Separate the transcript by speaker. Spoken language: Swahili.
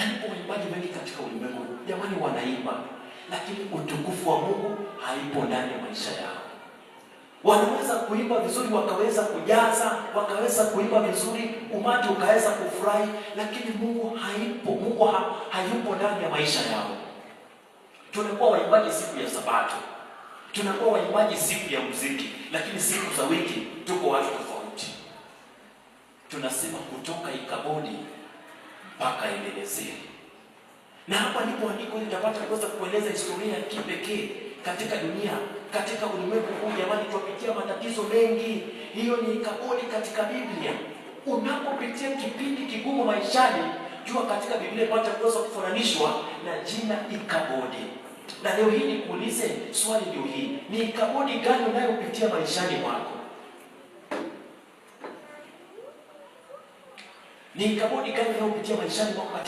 Speaker 1: Yaani waimbaji wengi katika ulimwengu, jamani, wanaimba lakini utukufu wa Mungu haipo ndani ya maisha yao. Wanaweza kuimba vizuri, wakaweza kujaza, wakaweza kuimba vizuri, umati ukaweza kufurahi, lakini Mungu haipo, Mungu ha, hayupo ndani ya maisha yao. Tunakuwa waimbaji siku ya Sabato, tunakuwa waimbaji siku ya muziki, lakini siku za wiki tuko watu tofauti. Tunasema kutoka Ikabodi mpaka Ebenezeri. Na hapa ndipo andiko litapata kuweza kueleza historia ya kipekee katika dunia, katika ulimwengu huu. Jamani, tunapitia matatizo mengi, hiyo ni kaboni katika Biblia. Unapopitia kipindi kigumu maishani, jua katika Biblia pata kuweza kufananishwa na jina Ikabodi. Na leo hii nikuulize swali, ndio hii ni Ikabodi gani unayopitia maishani mwako? ni kabodi kupitia maishani mwako